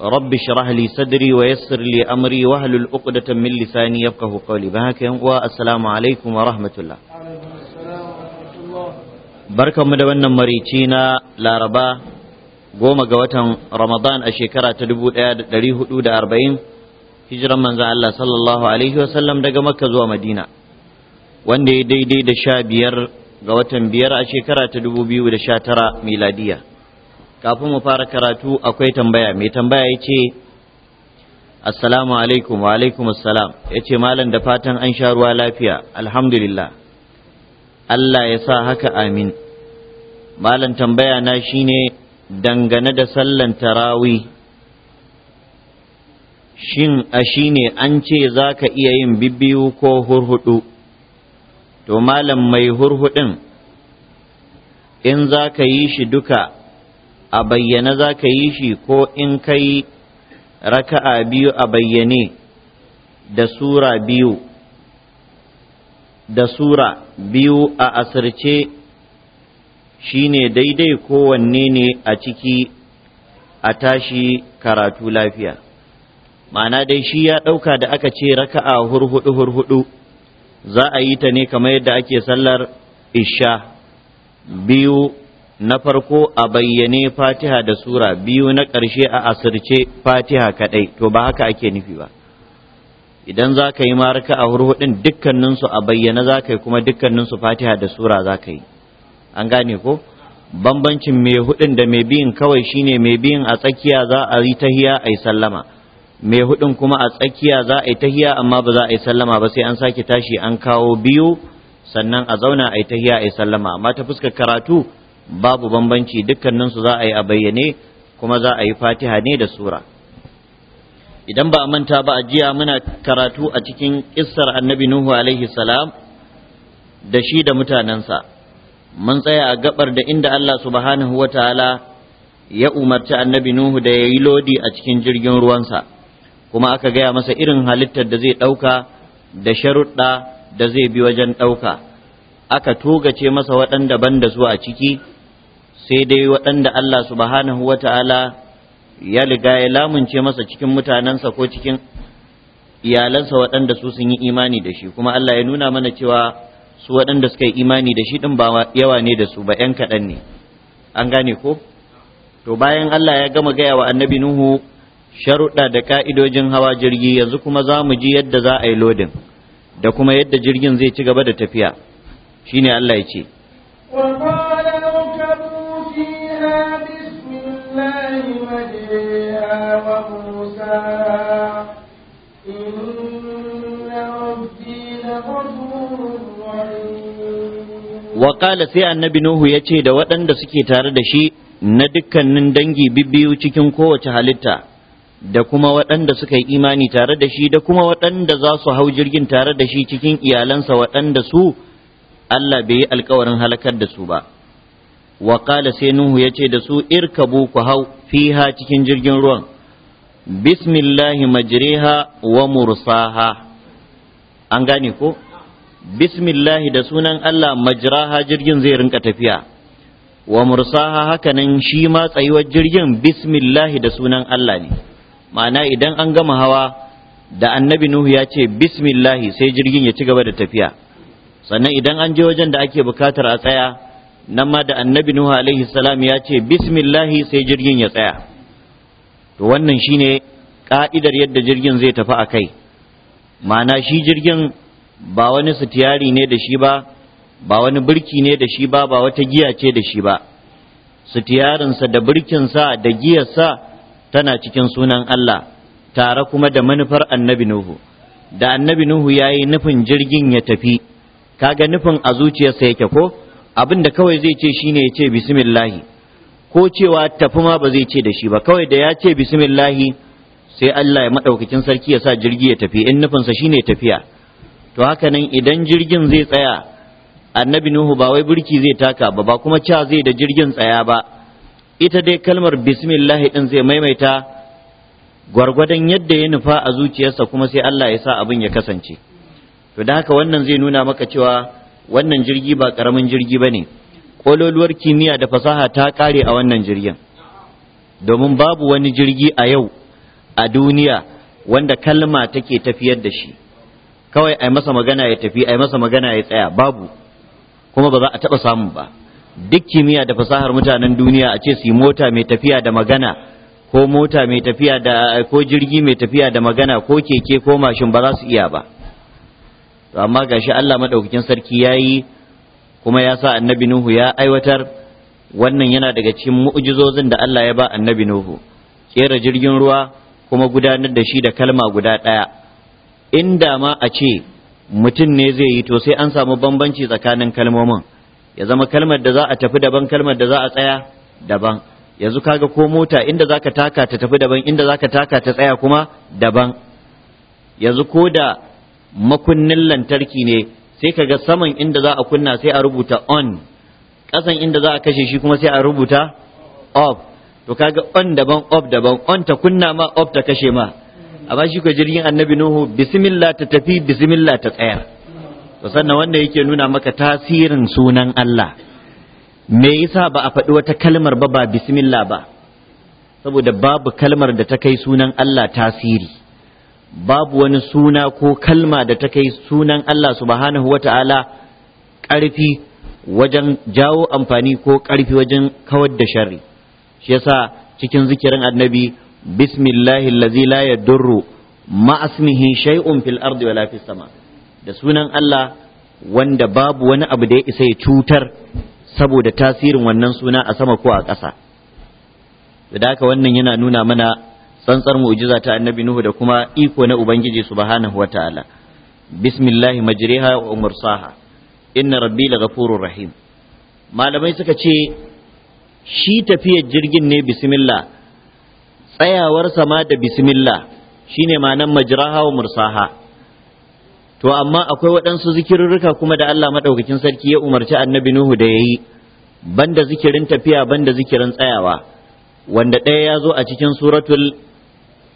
رب اشرح لي صدري ويسر لي امري واحلل عقدة من لساني يفقه قولي بهاك السلام عليكم ورحمة الله barkanmu da wannan marici na laraba goma ga watan ramadan a shekara ta 1440 hijiran manzan Allah sallallahu alaihi wasallam daga makka zuwa madina wanda ya daidai da sha biyar ga watan biyar a shekara ta tara miladiya kafin mu fara karatu akwai tambaya mai tambaya ya ce assalamu alaikum wa alaikum assalam ya ce malam da fatan an sha ruwa lafiya alhamdulillah Allah ya sa haka amin malam tambaya na shine dangane da sallan tarawi shin a shi ne an ce za ka iya yin bibiyu ko hurhudu to malam mai hurhudin in za ka yi shi duka a bayyane za ka yi shi ko in kai raka'a biyu a bayyane da sura biyu da sura biyu a asirce shi ne daidai kowanne ne a ciki a tashi karatu lafiya ma'ana dai shi ya ɗauka da aka ce raka'a hurhudu hurhudu za a yi ta ne kamar yadda ake sallar isha biyu na farko a bayyane fatiha da sura biyu na ƙarshe a asirce fatiha kaɗai to ba haka ake nufi ba idan za ka yi maraka a hurhudin dukkaninsu a bayyane za ka yi kuma dukkaninsu fatiha da sura za ka yi an gane ko bambancin mai hudin da mai biyun kawai shine mai biyun a tsakiya za a yi tahiya a yi sallama mai hudin kuma a tsakiya za a yi tahiya amma ba za a yi sallama ba sai an sake tashi an kawo biyu sannan a zauna a yi tahiya a yi sallama amma ta fuskar karatu babu bambanci dukkanin su za a yi a bayyane kuma za a yi fatiha ne da sura idan ba a manta ba a jiya muna karatu a cikin kissar annabi nuhu alaihi salam da shi da mutanensa mun tsaya a gabar da inda Allah subhanahu wataala ya umarci annabi nuhu da ya yi lodi a cikin jirgin ruwansa kuma aka gaya masa irin halittar da zai ɗauka da sharuɗa da zai bi wajen ɗauka aka togace masa waɗanda ban da su a ciki sai dai waɗanda Allah subhanahu wa ta'ala ya riga ya lamunce masa cikin mutanensa ko cikin iyalansa waɗanda su sun yi imani da shi kuma Allah ya nuna mana cewa su waɗanda suka yi imani da shi ɗin ba yawa ne da su ba ‘yan kaɗan ne an gane ko to bayan Allah ya gama gaya wa annabi Nuhu sharuɗa da ka'idojin hawa jirgi yanzu kuma za mu ji yadda za a yi lodin da kuma yadda jirgin zai ci gaba da tafiya shine Allah ya ce عليها بسم الله مجريها إن ربي لغفور Waƙala sai annabi Nuhu ya ce da waɗanda suke tare da shi na dukkanin dangi bibbiyu cikin kowace halitta, da kuma waɗanda suka yi imani tare da shi, da kuma waɗanda za su hau jirgin tare da shi cikin iyalansa waɗanda su Allah bai yi alkawarin halakar da su ba. wa sai nuhu ya ce da su irkabu ku hau fiha cikin jirgin ruwan bismillahi majriha wa mursaha an gane ko bismillahi da sunan Allah majraha jirgin zai rinka tafiya wa mursaha hakanan shi ma tsayuwar jirgin bismillahi da sunan Allah ne ma'ana idan an gama hawa da annabi Nuhu ya ce bismillahi sai jirgin ya ci gaba da tafiya sannan idan an je wajen da ake bukatar a tsaya nan ma da annabi nuhu alaihi salam ya ce bismillahi sai jirgin ya tsaya to wannan shine ka'idar yadda jirgin zai tafi a kai ma'ana shi jirgin ba wani sitiyari ne da shi ba ba wani birki ne da shi ba ba wata giya ce da shi ba sitiyarinsa da birkinsa da giyarsa tana cikin sunan Allah tare kuma da manufar annabi Nuhu da annabi Nuhu ya yi nufin jirgin ya tafi kaga nufin a zuciyarsa yake ko abin da kawai zai ce shine ya ce bismillahi ko cewa tafi ma ba zai ce da shi ba kawai da ya ce bismillahi sai Allah ya madaukakin sarki ya sa jirgi ya tafi in nufinsa shine tafiya to haka nan idan jirgin zai tsaya annabi nuhu ba wai burki zai taka ba ba kuma ca zai da jirgin tsaya ba ita dai kalmar bismillahi din zai maimaita gwargwadon yadda ya nufa a zuciyarsa kuma sai Allah ya sa abin ya kasance to da haka wannan zai nuna maka cewa wannan jirgi ba karamin jirgi ba ne ƙololuwar kimiyya da fasaha ta ƙare a wannan jirgin domin babu wani jirgi a yau a duniya wanda kalma take tafiyar da shi kawai a masa magana ya tafi a masa magana ya tsaya babu kuma ba za a taɓa samu ba duk kimiyya da fasahar mutanen duniya a ce su mota mai tafiya da magana ko mota mai tafiya da ko jirgi mai tafiya da magana ko keke ko mashin ba za su iya ba to amma gashi Allah madaukakin sarki yayi kuma ya sa annabi Nuhu ya aiwatar wannan yana daga cikin mu'jizozin da Allah ya ba annabi Nuhu kera jirgin ruwa kuma gudanar da shi da kalma guda ɗaya inda ma a ce mutum ne zai yi to sai an samu bambanci tsakanin kalmomin ya zama kalmar da za a tafi daban kalmar da za a tsaya daban yanzu kaga ko mota inda za ka taka ta tafi daban inda za ka taka ta tsaya kuma daban yanzu ko da makunnin lantarki ne sai ka ga saman inda za a kunna sai a rubuta on ƙasan inda za a kashe shi kuma sai a rubuta off to kaga on daban off daban on ta kunna ma off ta kashe ma amma shi ko jirgin annabi nuhu bismillah ta tafi bismillah ta tsayar. to sannan wanda yake nuna maka tasirin sunan Allah me yasa ba a faɗi wata kalmar ba ba bismillah ba saboda babu kalmar da ta kai sunan Allah tasiri babu wani suna ko kalma da ta kai sunan Allah subhanahu wa ta'ala ƙarfi wajen jawo amfani ko ƙarfi wajen kawar da shari shi yasa cikin zikirin annabi bismillahi allazi la yadurru ma asmihi shay'un fil ardi fis sama da sunan Allah wanda babu wani abu da ya isa ya cutar saboda tasirin wannan suna a sama ko a ƙasa da haka wannan yana nuna mana tsantsar mu'jiza ta annabi nuhu da kuma iko na ubangiji subhanahu wataala bismillah majriha wa mursaha inna rabbi laghafurur rahim malamai suka ce shi tafiyar jirgin ne bismillah tsayawar sama da bismillah shine ma'anar majraha wa mursaha to amma akwai waɗansu zikirurruka kuma da Allah madaukakin sarki ya umarci annabi nuhu da yayi banda zikirin tafiya banda zikirin tsayawa wanda ɗaya ya zo a cikin suratul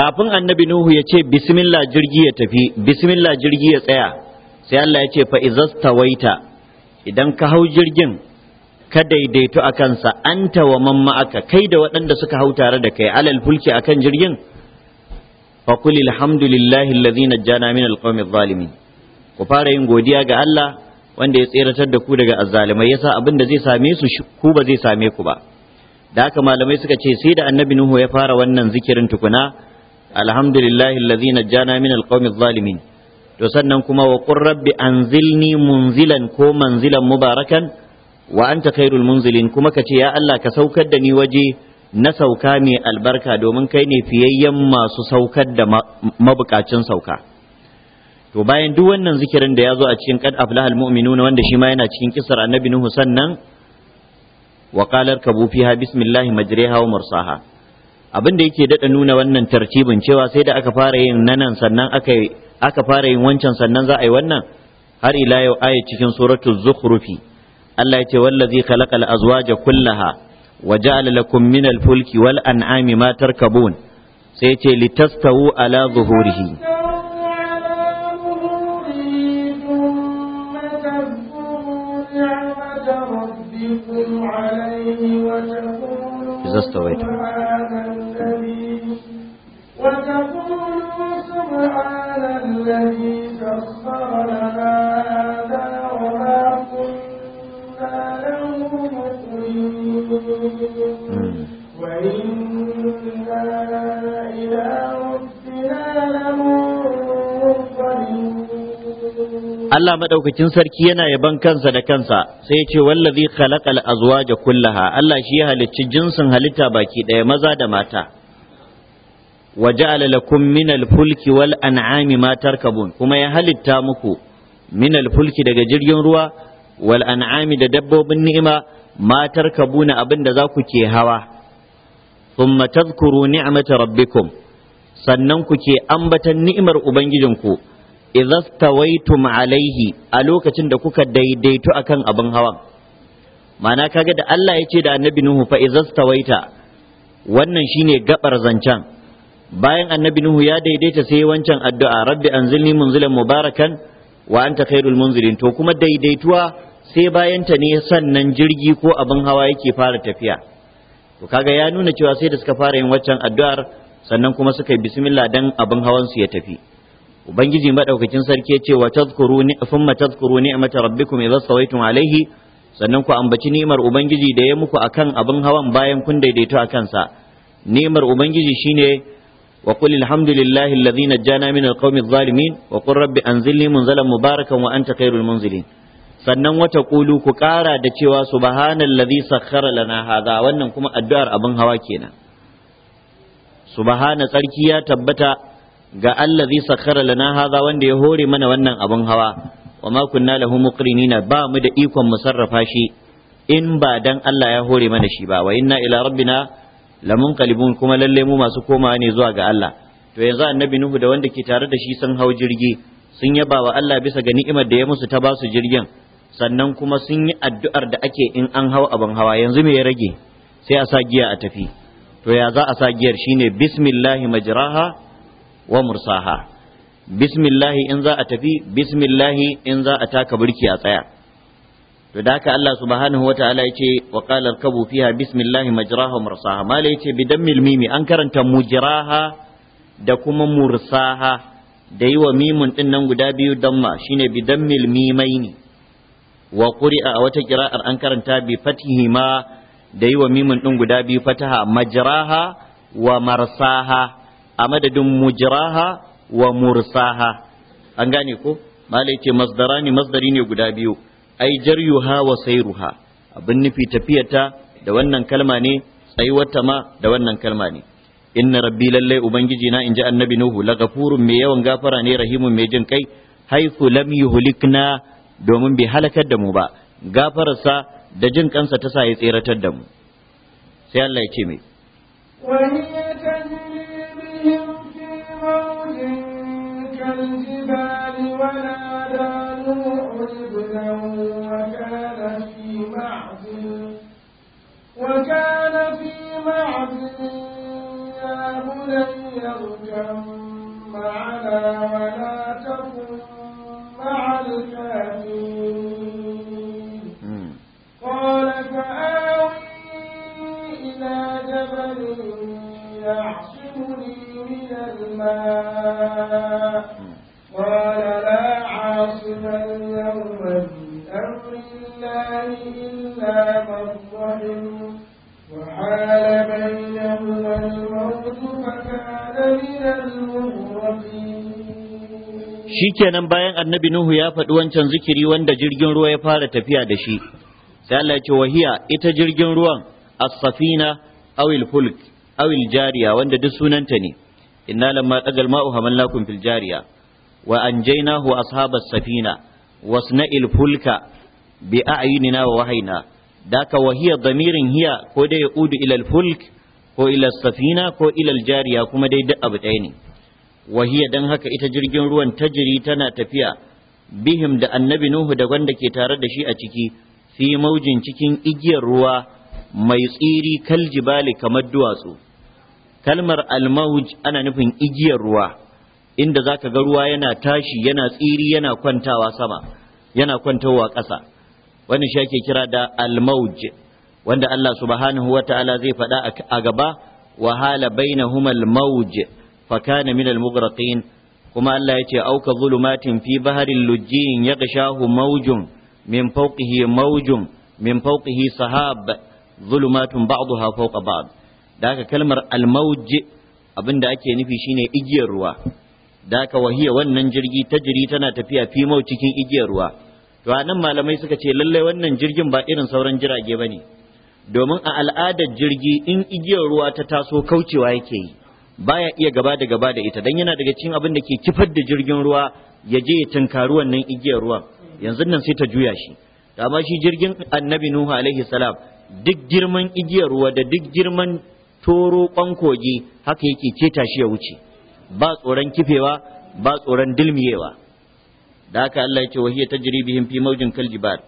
kafin annabi nuhu ya ce bismillah jirgi ya tafi bismillah jirgi ya tsaya sai Allah ya ce fa izastawaita idan ka hau jirgin ka daidaito a kansa anta wa man ma'aka kai da waɗanda suka hau tare da kai alal fulki akan jirgin fa qul alhamdulillahi allazi najjana min alqawmi zalimin ku fara yin godiya ga Allah wanda ya tseratar da ku daga azzalimai yasa abin da zai same su ku ba zai same ku ba da haka malamai suka ce sai da annabi nuhu ya fara wannan zikirin tukuna alhamdulillahi allazi najjana min alqawmi zalimin to sannan kuma wa qur rabbi anzilni munzilan ko manzilan mubarakan wa anta khairul munzilin kuma kace ya Allah ka saukar da ni waje na sauka mai albarka domin kai ne fiyayyen masu saukar da mabukacin sauka to bayan duk wannan zikirin da ya zo a cikin kad aflahal mu'minuna wanda shi ma yana cikin kisar annabi nuhu sannan wa qalar kabu fiha bismillahi majriha wa mursaha abin da yake daɗa nuna wannan tartibin cewa sai da aka fara yin nanan sannan aka aka fara yin wancan sannan za a yi wannan har ila yau ayat cikin suratul zukhrufi Allah ya ce wallazi khalaqal azwaja kullaha wa ja'ala lakum fulki wal an'ami ma tarkabun sai ce litastawu ala zuhurihi عليه وتكون زستويت وتقول سبحان الذي سخر Allah madaukakin sarki yana yaban kansa da kansa sai ya ce wallazi khalaqal azwaja kullaha Allah shi ya halicci jinsin halitta baki ɗaya maza da mata wa ja'ala lakum minal fulki wal an'ami ma tarkabun kuma ya halitta muku minal fulki daga jirgin ruwa wal an'ami da dabbobin ni'ima ma tarkabuna abin da za ku ke hawa thumma tadhkuru ni'mata rabbikum sannan ku ke ambatan ni'imar ubangijinku idhastawaitum alaihi a lokacin da kuka daidaito akan abin hawan mana kaga da Allah ya ce da annabi Nuhu fa idhastawaita wannan shine gabar zancen bayan annabi Nuhu ya daidaita sai wancan addu'a rabbi anzilni munzilan mubarakan wa anta khairul munzilin to kuma daidaituwa sai bayan ta ne sannan jirgi ko abin hawa yake fara tafiya to kaga ya nuna cewa sai da suka fara yin wancan addu'ar sannan kuma suka yi bismillah dan abin hawan su ya tafi ubangiji madaukakin sarki ce wa tadhkuru thumma tadhkuru ni'mata rabbikum idza sawaitum alaihi sannan ku ambaci Nimar ubangiji da ya muku akan abin hawan bayan kun daidaito a kansa Nimar ubangiji shine wa qul alhamdulillahi alladhi najjana min alqawmi adh-dhalimin wa qul rabbi anzilni munzalan mubarakan wa anta khairul munzilin sannan wata kulu ku kara da cewa subhanalladhi sakhkhara lana hadha wannan kuma addu'ar abin hawa kenan subhana tsarki ya tabbata ga Allah allazi sakhara lana haza wanda ya hore mana wannan abun hawa wa ma kunna lahu muqrinina ba mu da ikon mu sarrafa shi in ba dan Allah ya hore mana shi ba wa inna ila rabbina lamunqalibun kuma lalle mu masu komawa ne zuwa ga Allah to yanzu annabi nuhu da wanda ke tare da shi sun hau jirgi sun yaba wa Allah bisa ga ni'imar da ya musu ta ba su jirgin sannan kuma sun yi addu'ar da ake in an hau abin hawa yanzu me ya rage sai a sa giya a tafi to ya za a sa giyar shine bismillahi majraha wa mursaha bismillahi in za a tafi bismillahi in za a taka burki a tsaya to da haka Allah subhanahu wa ta'ala ya ce wa qala kabu fiha bismillahi majraha wa mursaha mala yace bidan milmimi an karanta mujraha da kuma mursaha da yi wa mimun din nan guda biyu damma shine bidan milmimai ne. wa quri'a a wata kira'ar an karanta bi fatihi ma da yi wa mimun ɗin guda biyu fataha majraha wa marsaha a madadin mujraha wa mursaha an gane ko malai ce masdarani masdari ne guda biyu ai jaryuha wa sayruha abin nufi tafiyata da wannan kalma ne tsayuwarta ma da wannan kalma ne inna rabbi lallai ubangiji na inji annabi nuhu la gafurun mai yawan gafara ne rahimun mai jin kai haifu lam yuhlikna domin bai halakar da mu ba gafararsa da jin kansa ta sa ya tseratar da mu sai Allah ya ce mai الجبال ونادى نوح ابنه وكان في معزل وكان في معزل يا بني اركب معنا ولا تكن مع الكافرين قال فآوي إلى جبل يعصمني من الماء قال لا عاصم اليوم من أمر الله إلا من ظلم وحال بينهما الموت فكان من المغرقين shikenan bayan annabi Nuhu ya faɗi wancan zikiri wanda jirgin ruwa ya fara tafiya da shi sai Allah ya ce wahiya ita jirgin ruwan as-safina awil fulk awil jariya wanda duk sunanta ne inna lamma ma'u hamalnakum fil jariya wa anjaynahu ashabas safina wasna'il fulka bi a'yinina wa wahayna daka wa hiya damirin hiya ko dai udu ila fulk ko safina ko ila jariya kuma dai duk abu ɗaya ne wahiya don dan haka ita jirgin ruwan tajiri tana tafiya bihim da annabi nuhu da wanda ke tare da shi a ciki fi maujin cikin igiyar ruwa mai tsiri kal jibali kamar duwatsu kalmar almauj ana nufin igiyar ruwa inda za ka ga ruwa yana tashi yana tsiri yana kwantawa sama yana kwantawa ƙasa wani shi ake kira da almauj wanda Allah subhanahu Ta'ala zai faɗa a gaba wahala bainahuma almauj fa kana min almughraqin kuma Allah ya ce auka zulumatin fi baharin lujjiyin yaghshahu maujun, min fawqihi maujun, min fawqihi sahab zulumatun ba'daha fawqa ba'd da haka kalmar almauj abinda ake nufi shine igiyar ruwa da wahiya wannan jirgi ta jiri tana tafiya fimo cikin igiyar ruwa to anan malamai suka ce lallai wannan jirgin ba irin sauran jirage ba ne domin a al'adar jirgi in igiyar ruwa ta taso kaucewa yake yi baya iya gaba da gaba da ita dan yana daga cikin abin da ke kifar da jirgin ruwa ya je ya tunkaru wannan igiyar ruwa yanzu nan sai ta juya shi To amma shi jirgin annabi nuhu alaihi salam duk girman igiyar ruwa da duk girman toro kwankoge haka yake keta shi ya wuce ba tsoron kifewa ba tsoron dilmiyewa da haka Allah ya ce wahiya ta bihim fi mawjin kaljibal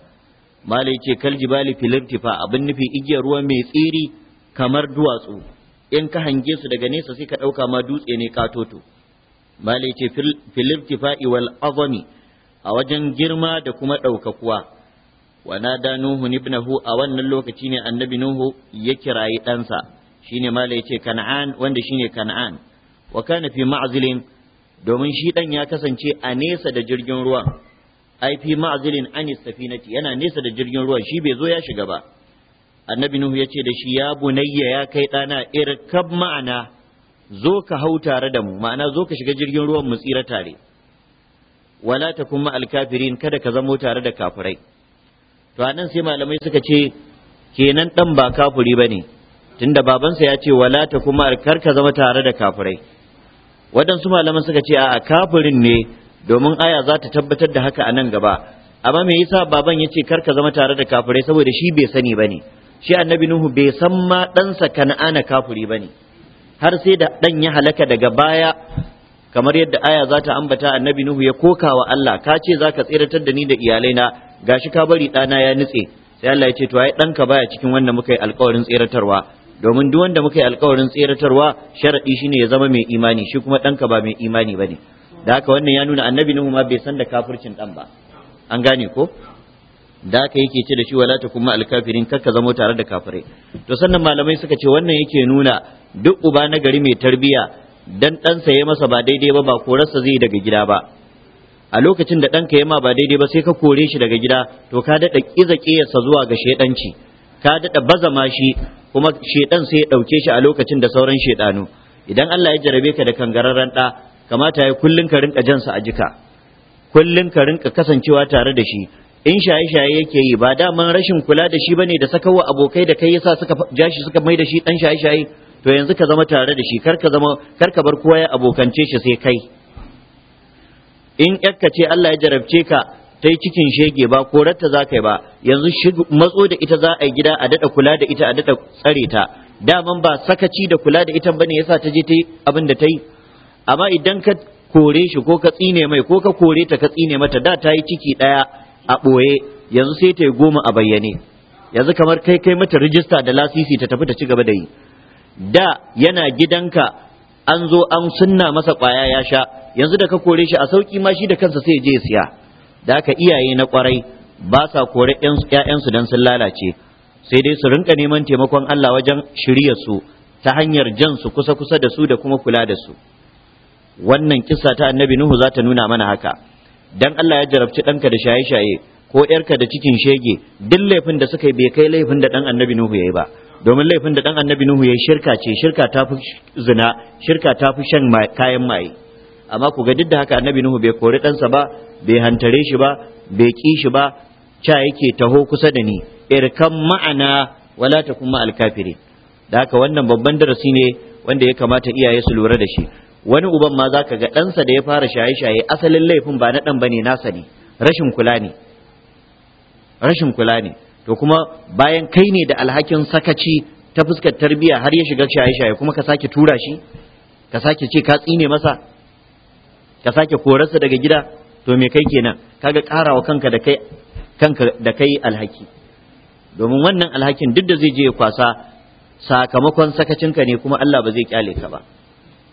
malai ce kaljibali fil irtifa abin nufi igiyar ruwa mai tsiri kamar duwatsu in ka hange su daga nesa sai ka dauka ma dutse ne katoto malai ce fil irtifa'i wal azami a wajen girma da kuma ɗaukakuwa wa nada nuhu ibnahu a wannan lokaci ne annabi nuhu ya kirayi ɗansa shine malai ce kan'an wanda shine kan'an wa kana fi ma'zilin domin shi dan ya kasance a nesa da jirgin ruwa ai fi ma'zilin anis safinati yana nesa da jirgin ruwa shi bai zo ya shiga ba annabi nuhu yace da shi ya bunayya ya kai dana irkab ma'ana zo ka hau tare da mu ma'ana zo ka shiga jirgin ruwan mu tsira tare wala takun kuma alkafirin, kada ka zamo tare da kafirai to anan sai malamai suka ce kenan dan ba kafiri bane tunda babansa ya ce wala ta kuma alkar ka zama tare da kafirai waɗansu malaman suka ce a kafirin ne domin aya za ta tabbatar da haka a nan gaba amma me yasa baban ya ce kar ka zama tare da kafirai saboda shi bai sani ba shi annabi nuhu bai san ma ɗansa kan'ana kafiri ba ne har sai da ɗan ya halaka daga baya kamar yadda aya za ta ambata annabi nuhu ya koka wa Allah ka ce za ka tseratar da ni da iyalaina gashi ka bari ɗana ya nutse sai Allah ya ce to ai ɗanka baya cikin wanda muka yi alƙawarin tseratarwa domin duk wanda muka yi alkawarin tseratarwa sharadi shine ya zama mai imani shi kuma danka ba mai imani bane da haka wannan ya nuna annabi nuhu ma bai san da kafircin dan ba an gane ko da haka yake ce da shi wala ta kuma alkafirin kakka zama tare da kafirai to sannan malamai suka ce wannan yake nuna duk uba na gari mai tarbiya dan ɗansa ya masa ba daidai ba ba korarsa zai daga gida ba a lokacin da ɗanka ya ma ba daidai ba sai ka kore shi daga gida to ka daɗa ƙiza ƙiyarsa zuwa ga shaidanci ka daɗa ma shi kuma shedan sai ya ɗauke shi a lokacin da sauran shedanu idan Allah ya jarabe ka da kangararren ɗa kamata ya kullun ka rinka jansa a jika kullun ka rinka kasancewa tare da shi in shaye-shaye yake yi ba daman rashin kula da shi bane da sakawa abokai da kai yasa suka ja shi suka mai da shi dan shaye-shaye to yanzu ka zama tare da shi kar ka zama kar ka bar kowa ya abokance shi sai kai in ka ce Allah ya jarabce ka ta yi cikin shege ba ko ratta za ka yi ba yanzu matso da ita za a yi gida a daɗa kula da ita a daɗa tsare ta daman ba sakaci da kula da ita ba ne yasa ta je ta yi abin da ta yi amma idan ka kore shi ko ka tsine mai ko ka kore ta ka tsine mata da ta yi ciki ɗaya a ɓoye yanzu sai ta yi goma a bayyane yanzu kamar kai kai mata rijista da lasisi ta tafi ta ci gaba da yi da yana gidanka an zo an sunna masa ƙwaya ya sha yanzu da ka kore shi a sauƙi ma shi da kansa sai ya je ya siya da aka iyaye na kwarai ba sa kore ‘ya'yansu don sun lalace sai dai su rinka neman taimakon Allah wajen shirya su ta hanyar jan su kusa-kusa da su da kuma kula da su wannan kisa ta annabi Nuhu za ta nuna mana haka dan Allah ya jarabci ɗanka da shaye-shaye ko ‘yarka da cikin shege duk laifin da suka yi bai kai laifin da ɗan annabi Nuhu ya yi ba domin laifin da ɗan annabi Nuhu ya yi shirka ce shirka ta fi zina shirka ta fi shan kayan maye amma ku ga duk da haka annabi nuhu bai kori ɗansa ba bai hantare shi ba bai ƙi shi ba ca yake taho kusa da ni irkan ma'ana wala ta kuma alkafire da haka wannan babban darasi ne wanda ya kamata iyaye su lura da shi wani uban ma zaka ga ɗansa da ya fara shaye-shaye asalin laifin ba na ɗan bane nasa ne rashin kula ne rashin kula ne to kuma bayan kai ne da alhakin sakaci ta fuskar tarbiyya har ya shiga shaye-shaye kuma ka sake tura shi ka sake ce ka tsine masa ka sake korarsa daga gida to me kai kenan kaga karawa kanka da kai kanka da kai alhaki domin wannan alhakin duk da zai je kwasa sakamakon sakacinka ne kuma Allah ba zai kyale ka ba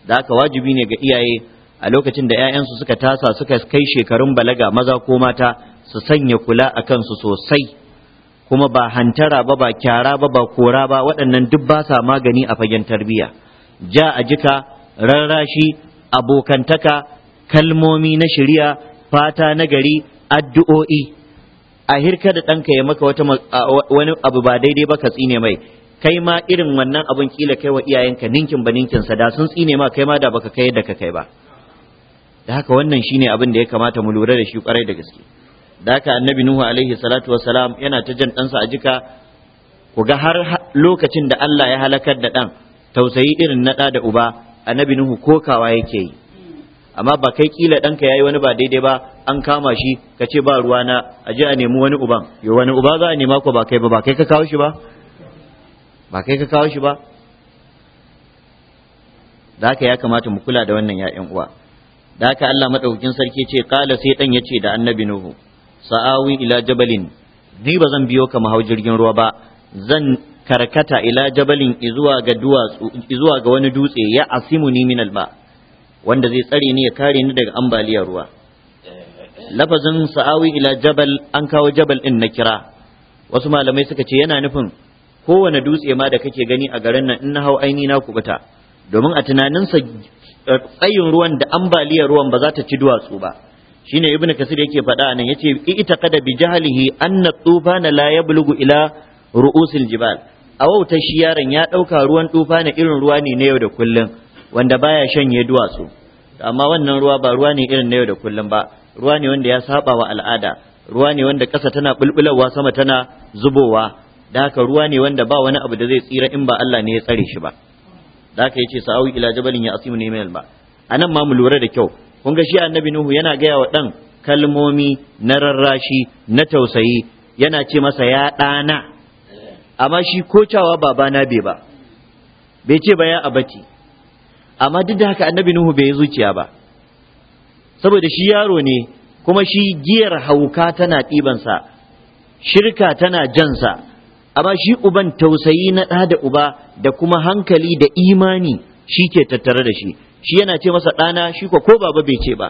da haka wajibi ne ga iyaye a lokacin da 'ya'yansu suka tasa suka kai shekarun balaga maza ko mata su sanya kula a kansu sosai kuma ba hantara ba ba kyara ba ba kora ba waɗannan duk ba sa magani a fagen tarbiyya ja a jika rarrashi abokantaka kalmomi na shari'a fata na gari addu'o'i a hirka da ɗanka ya maka wata wani abu ba daidai ba ka tsine mai kai ma irin wannan abun kila kai wa iyayenka ninkin ba ninkin sa da sun tsine ma kai ma da baka kai da ka kai ba da haka wannan shine abin da ya kamata mu lura da shi kwarai da gaske da haka annabi nuhu alaihi salatu wassalam yana ta jan ɗansa a jika ku ga har lokacin da Allah ya halakar da ɗan tausayi irin na da uba annabi nuhu kokawa yake yi amma ba kai kila ɗanka yayi wani ba daidai ba an kama shi ka ce ba ruwa na a je a nemi wani uban yo wani uba za a nema ko ba kai ba ba kai ka kawo shi ba ba kai ka kawo shi ba da haka ya kamata mu kula da wannan ya'yan uwa da haka Allah madaukakin sarki ce kala sai dan yace da annabi nuhu sa'awi ila jabalin ni ba zan biyo ka mu jirgin ruwa ba zan karkata ila jabalin izuwa ga duwatsu izuwa ga wani dutse ya asimuni min alba wanda zai tsare ni ya kare ni daga ambaliyar ruwa lafazin sa'awi ila jabal an kawo jabal din na kira wasu malamai suka ce yana nufin kowane dutse ma da kake gani a garin nan in na hau aini na kubuta domin a tunaninsa eh, tsayin ruwan da ambaliyar ruwan ba za ta ci duwatsu ba shine ibnu kasir yake faɗa nan yace ita kada bi jahlihi anna tufana la yablugu ila ru'usil jibal awauta shi yaron ya ɗauka ruwan tufa na irin ruwa ne na yau da kullum wanda baya shanye duwatsu amma wannan ruwa ba ruwa ne irin na yau da kullum ba ruwa ne wanda ya saba wa al'ada ruwa ne wanda ƙasa tana bulbulawa sama tana zubowa da haka ruwa ne wanda ba wani abu da zai tsira in ba Allah ne ya tsare shi ba da haka yace sa'u ila jabalin ya asimu ne min ba anan ma mu lura da kyau kun ga shi annabi nuhu yana gaya wa dan kalmomi na rarrashi na tausayi yana ce masa ya ɗana amma shi kocawa cewa babana bai ba bai ce ba ya abati amma duk da haka annabi nuhu bai yi zuciya ba saboda shi yaro ne kuma shi giyar hauka tana ɗibansa shirka tana jansa amma shi uban tausayi na ɗa da uba da kuma hankali da imani shi ke tattare da shi shi yana ce masa ɗana shi ko ko baba bai ce ba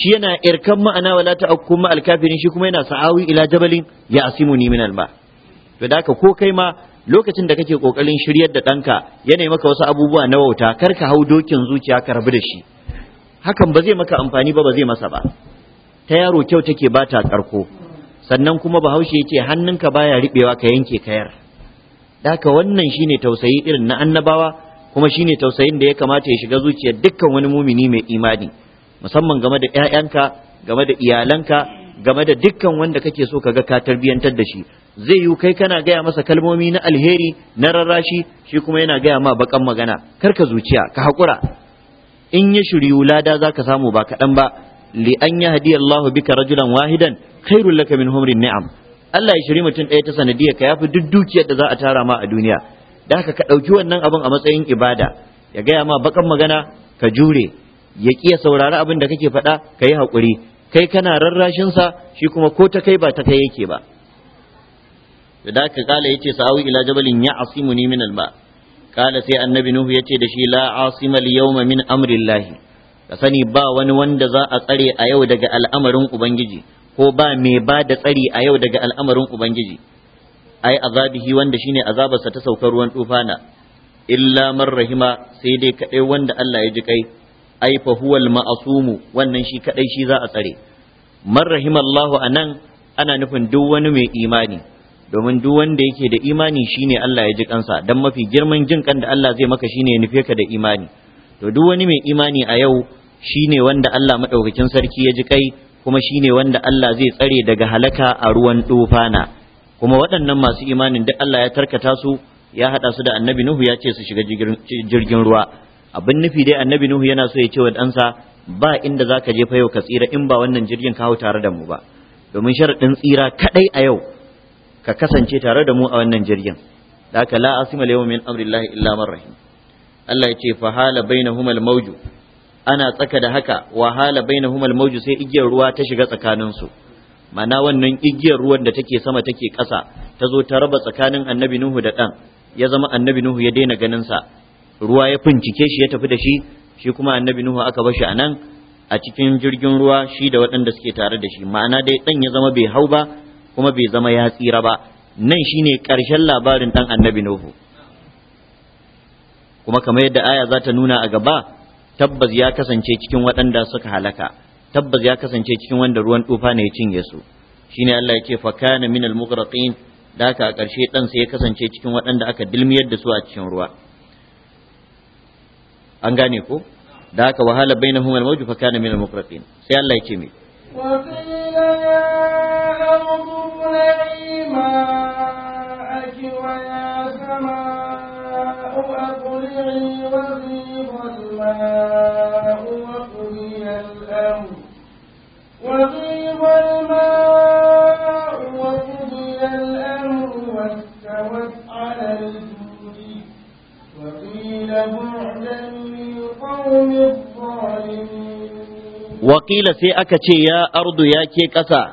shi yana irkan ma'ana wala ta'akkum ma alkafirin shi kuma yana sa'awi ila jabalin ya asimu ni minal ba to da haka ko kai ma lokacin da kake kokarin shiryar da ɗanka ya nemi maka wasu abubuwa na wauta kar ka hau dokin zuciya ka rabu da shi hakan ba zai maka amfani ba ba zai masa ba ta yaro kyau take ba ta karko sannan kuma bahaushe yake hannunka baya riɓewa ka yanke kayar daka wannan shine tausayi irin na annabawa kuma shine tausayin da ya kamata ya shiga zuciyar dukkan wani mumini mai imani musamman game da 'ya'yanka game da iyalanka game da dukkan wanda kake so kaga ka tarbiyantar da shi zai yi kai kana gaya masa kalmomi na alheri na rarrashi shi kuma yana gaya ma bakan magana kar ka zuciya ka haƙura in ya shiryu lada za ka samu ba kaɗan ba li an ya hadiya Allah bika rajulan wahidan khairul laka min humrin ni'am Allah ya shiri mutum ɗaya ta sanadiyar ka yafi duk dukiyar da za a tara ma a duniya da haka ka ɗauki wannan abin a matsayin ibada ya gaya ma bakan magana ka jure ya ƙi saurari abin da kake faɗa ka yi haƙuri kai kana rarrashinsa shi kuma ko ta kai ba ta kai yake ba da ka kala yace sa'awi ila jabalin ya asimuni min alba kala sai annabi nuhu yace da shi la asima al yawma min amrillahi ka sani ba wani wanda za a tsare a yau daga al'amarin ubangiji ko ba me ba da tsari a yau daga al'amarin ubangiji ai azabihi wanda shine azabarsa ta saukar ruwan tufana illa man rahima sai dai kadai wanda Allah ya ji kai ai fa huwal ma'asumu wannan shi kadai shi za a tsare man rahimallahu anan ana nufin duk wani mai imani domin duk wanda yake da imani shine Allah ya ji kansa dan mafi girman jin kan da Allah zai maka shine ya nufe ka da imani to duk wani mai imani a yau shine wanda Allah madaukakin sarki ya ji kai kuma shine wanda Allah zai tsare daga halaka a ruwan tufana. kuma waɗannan masu imanin duk Allah ya tarkata su ya haɗa su da annabi Nuhu ya ce su shiga jirgin ruwa abin nufi dai annabi Nuhu yana so ya ce wa ɗansa ba inda za ka je fa yau ka tsira in ba wannan jirgin ka hau tare da mu ba domin sharaɗin tsira kaɗai a yau ka kasance tare da mu a wannan jirgin da aka la asima lewa min amrillahi illa man rahim Allah ya ce fa hala na mauju mauju. ana tsaka da haka wahala hala na mauju mauju sai igiyar ruwa ta shiga tsakaninsu. su ma'ana wannan igiyar ruwan da take sama take ƙasa ta zo ta raba tsakanin annabi nuhu da ɗan ya zama annabi nuhu ya daina ganinsa. ruwa ya fincike shi ya tafi da shi shi kuma annabi nuhu aka bashi a nan a cikin jirgin ruwa shi da waɗanda suke tare da shi ma'ana dai ɗan ya zama bai hau ba kuma bai zama ya tsira ba nan shine karshen labarin dan annabi nuhu kuma kamar yadda aya za ta nuna a gaba tabbas ya kasance cikin waɗanda suka halaka tabbas ya kasance cikin wanda ruwan tufa ne ya cinye su shine Allah ya ce fa kana minal mughraqin da ka a karshe dan sai ya kasance cikin waɗanda aka dilmiyar da su a cikin ruwa an gane ko da haka wahala bainahum al-mawj fa kana minal mughraqin sai Allah ya ce me wa qila ya ماءك ويا سماء أقلعي وغيظ الماء وقضي الأمر وغيظ الماء وقضي الأمر واستوت على الجود وقيل بعدا للقوم الظالمين وقيل سيأكتي يا أرض يا كي قسى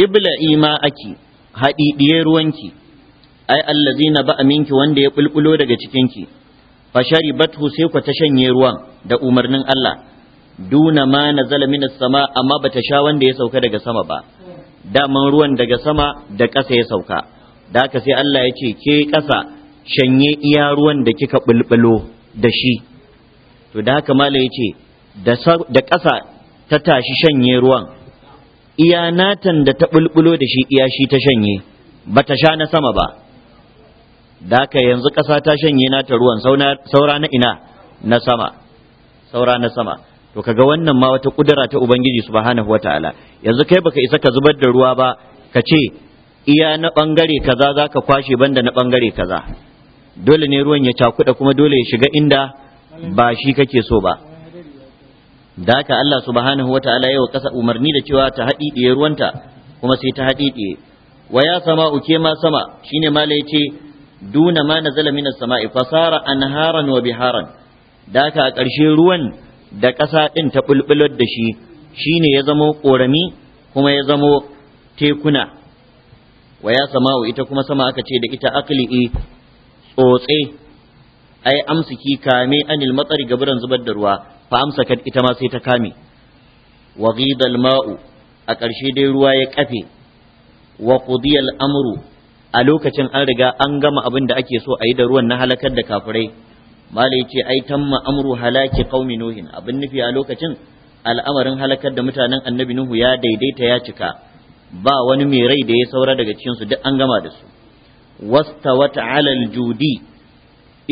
ibla ima aki haɗiɗiye ruwanki ai allazina ba aminki wanda ya bulbulo daga cikinki fashari bathu sai ku ta shanye ruwan da umarnin Allah duna ma nazala minas sama amma ba ta sha wanda ya sauka daga sama ba daman ruwan daga sama da ƙasa ya sauka da haka sai Allah ya ce ke ƙasa shanye iya ruwan da kika bulbulo da shi to da haka mala ya ce da ƙasa ta tashi shanye ruwan iya natan da ta bulbulo da shi iya shi ta shanye ba ta sha na sama ba da ka yanzu ƙasa ta shanye nata ruwan saura na ina na sama saura na sama to kaga wannan ma wata kudura ta ubangiji subhanahu wataala yanzu kai baka isa ka zubar da ruwa ba ka ce iya na bangare kaza za ka kwashe banda na bangare kaza dole ne ruwan ya cakuda kuma dole ya shiga inda ba shi kake so ba da haka Allah subhanahu wataala yau kasa umarni da cewa ta haɗiɗiye ruwanta kuma sai ta haɗiɗiye wa ya sama uke ma sama shine mala yace duna ma nazala minas sama'i fasara anharan wa biharan da haka a ƙarshe ruwan da ƙasa ɗin ta bulbular da shi shine ya zamo ƙorami kuma ya zamo tekuna wa ya sama'u ita kuma sama aka ce da ita aqli'i tsotse ai amsiki kame anil matsari gaburan zubar da ruwa fa amsakat ita ma sai ta kame wa ghida ma'u a ƙarshe dai ruwa ya kafe wa amru a lokacin an riga an gama abin da ake so a yi da ruwan na halakar da kafirai mala yace ai tamma amru halaki qaumi nuhin abin nufi a lokacin al'amarin halakar da mutanen annabi nuhu ya daidaita ya cika ba wani mai rai da ya saura daga cikin su duk an gama da su wastawat alal judi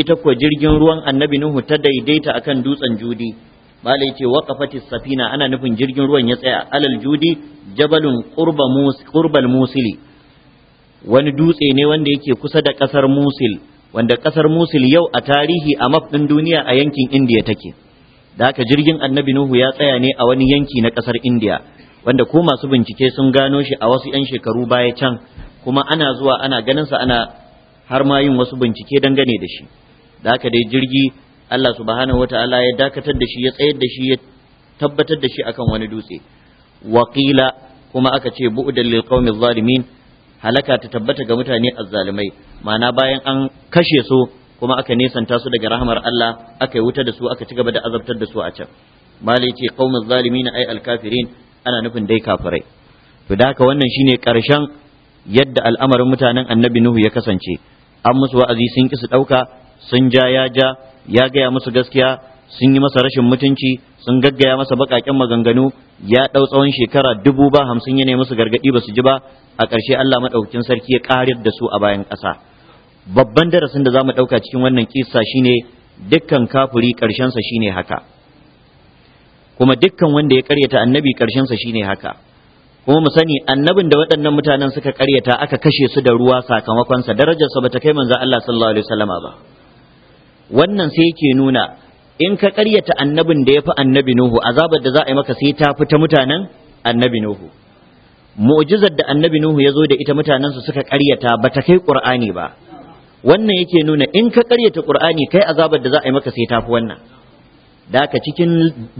ita kuwa jirgin ruwan annabi nuhu ta daidaita akan dutsen judi bala yace waqafatis safina ana nufin jirgin ruwan ya tsaya alal judi jabalun qurba mus qurbal musili wani dutse ne wanda yake kusa da kasar musil wanda kasar musil yau a tarihi a map din duniya a yankin indiya take da haka jirgin annabi nuhu ya tsaya ne a wani yanki na kasar indiya wanda ko masu bincike sun gano shi a wasu 'yan shekaru baya can kuma ana zuwa ana ganinsa ana har ma yin wasu bincike dangane da shi da haka dai jirgi Allah subhanahu wata'ala ya dakatar da shi ya tsayar da shi ya tabbatar da shi akan wani dutse Wakila kuma aka ce bu'dan lil qaumi zalimin halaka ta tabbata ga mutane azzalumai ma'ana bayan an kashe su kuma aka nesanta su daga rahamar Allah aka yi wuta da su aka ci gaba da azabtar da su a can malai ce qaumi zalimin na al alkafirin ana nufin dai kafirai to da haka wannan shine karshen yadda al'amarin mutanen annabi nuhu ya kasance an musu wa'azi sun ki su dauka sun ja ya ja ya gaya musu gaskiya sun yi masa rashin mutunci sun gaggaya masa baƙaƙen maganganu ya ɗau tsawon shekara dubu ba hamsin ya musu gargaɗi ba su ji ba a ƙarshe Allah maɗaukakin sarki ya ƙarar da su a bayan ƙasa babban darasin da za mu ɗauka cikin wannan kisa shine dukkan kafuri ƙarshensa shine haka kuma dukkan wanda ya ƙaryata annabi ƙarshensa shine haka kuma mu sani annabin da waɗannan mutanen suka ƙaryata aka kashe su da ruwa sakamakon sakamakonsa darajarsa bata kai manzo Allah sallallahu alaihi wasallama ba wannan sai yake nuna in ka karyata annabin da ya fi annabi nuhu azabar da za a yi maka sai ta fi ta mutanen annabi nuhu mu'jizar da annabi nuhu ya zo da ita mutanensu suka karyata ba ta kai ƙur'ani ba wannan yake nuna in ka karyata ƙur'ani kai azabar da za a yi maka sai ta fi wannan da ka cikin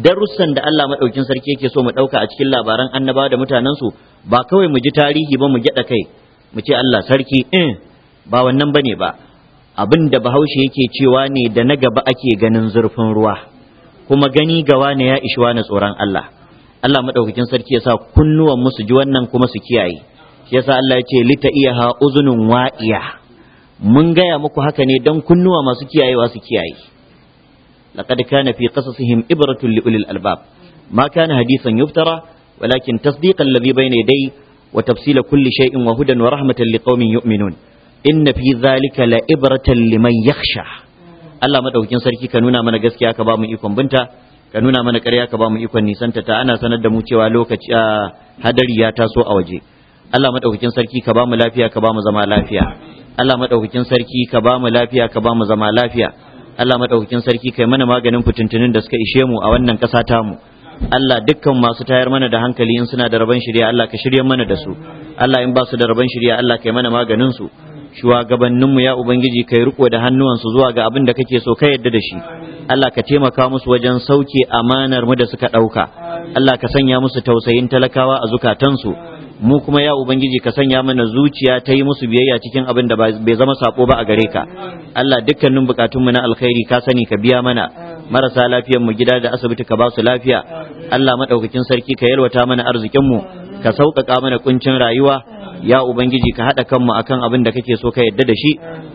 darussan da Allah maɗaukin sarki yake so mu ɗauka a cikin labaran annaba da mutanensu ba kawai mu ji tarihi ba mu gyaɗa kai mu ce Allah sarki in eh, ba wannan bane ba abin da bahaushe yake cewa ne da na gaba ake ganin zurfin ruwa kuma gani gawa ne ya ishi na tsoron Allah Allah madaukakin sarki yasa kunnuwan musu ji wannan kuma su kiyaye shi yasa Allah ya ce lita iyaha uzunun wa'iya mun gaya muku haka ne don kunnuwa masu kiyayewa su kiyaye laqad kana fi qasasihim ibratun li ulil albab ma kana hadisan yuftara walakin tasdiqan alladhi bayna dai wa tafsila kulli shay'in wa hudan wa rahmatan liqaumin yu'minun inna fi zalika la ibratan liman yakhsha Allah madaukin sarki ka nuna mana gaskiya ka ba mu ikon binta ka nuna mana ƙarya ka ba mu ikon nisanta ta ana sanar da mu cewa lokaci hadari ya taso a waje Allah madaukin sarki ka ba mu lafiya ka ba mu zama lafiya Allah madaukin sarki ka ba mu lafiya ka ba mu zama lafiya Allah madaukin sarki kai mana maganin fitintunin da suka ishe mu a wannan ƙasa ta mu Allah dukkan masu tayar mana da hankali in suna da rabon shirya Allah ka shirya mana da su Allah in ba su da rabon shirya Allah kai mana maganin su shugabanninmu ya ubangiji kai riko da hannuwansu zuwa ga abin da kake so ka yadda da shi Allah ka taimaka musu wajen sauke amanar mu da suka ɗauka Allah ka sanya musu tausayin talakawa a zukatansu mu kuma ya ubangiji ka sanya mana zuciya ta yi musu biyayya cikin abin da bai zama sako ba a gare ka Allah dukkanin bukatunmu na alkhairi ka sani ka biya mana marasa lafiyar gida da asibiti ka ba su lafiya Allah maɗaukakin sarki ka yalwata mana arzikinmu. ka sauƙaƙa mana kuncin rayuwa ya ubangiji ka haɗa kanmu akan abin da kake so ka yadda da shi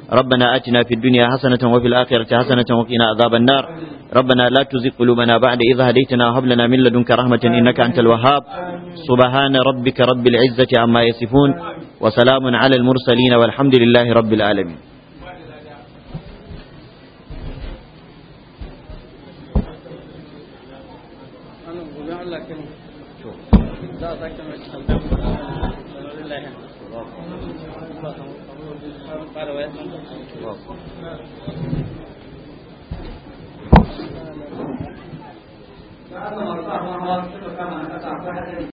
rabbana atina fid dunya hasanatan wa fil akhirati hasanatan wa qina azaban nar rabbana la tuzigh qulubana ba'da idh hadaytana wa hab lana min ladunka rahmatan innaka antal wahhab subhana rabbika rabbil izzati amma yasifun wa salamun ala mursalin walhamdulillahi rabbil alamin 他怎么大方啊？这个干嘛？他大哥还在里。